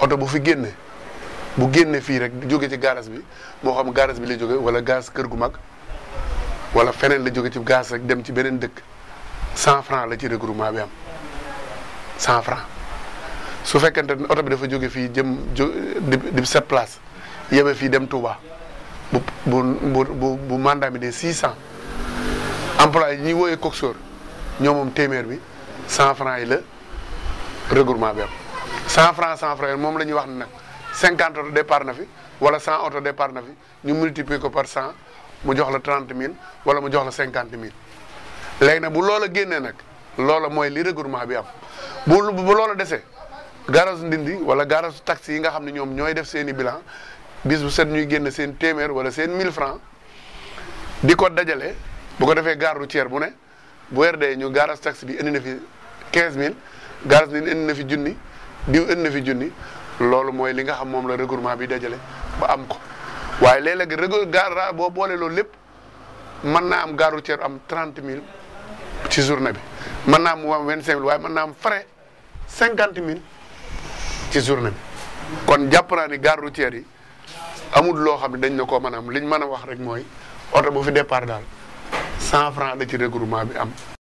oto bu fi génne bu génne fii rek jóge ci garas bi moo xam garas bi la jóge wala gaz kër gu mag wala feneen la jóge ci gaz rek dem ci beneen dëkk cent franc la ci regroupement bi am cent franc su fekkente ni oto bi dafa jóge fii jëm di sept place yeme fii dem Touba bu bu bu bu mandat bi de six cent employé yi ñuy wooyee coxeur ñoo téeméer bi cent franc yi la regroupement bi am cent francs 100 francs moom la ñuy wax ne nag cinquante auto départ na fi wala 100 auto départ na fi ñu multiplier ko par cent mu jox la 30 000 wala mu jox la cinquante 000 léegi nag bu loola génnee nag loola mooy li regroupement bi am bu bu loola desee garage ndindi wala garage taxi yi nga xam ne ñoom ñooy def seen i bilan bis bu set ñuy génn seen téeméer wala seen 1000 francs di ko dajale bu ko defee gare routière bu ne bu weer dee ñu garage taxi bi indi na fi 15000 garage ndindi indi na fi junni. diw ënd na fi junni loolu mooy li nga xam moom la regroupement bi dajale ba am ko waaye léeg-léeg rego boo boole loolu lépp mën naa am gare routière am trente mille ci journée bi mën naa am mu vingt cinq mille waaye mën naa am frais cinquante mille ci journée bi kon jàpp naa ni gare routière yi amul loo xam ne dañ na ko mën a am liñ mën a wax rek mooy oto boo fi départ daal cent franc la ci regroupement bi am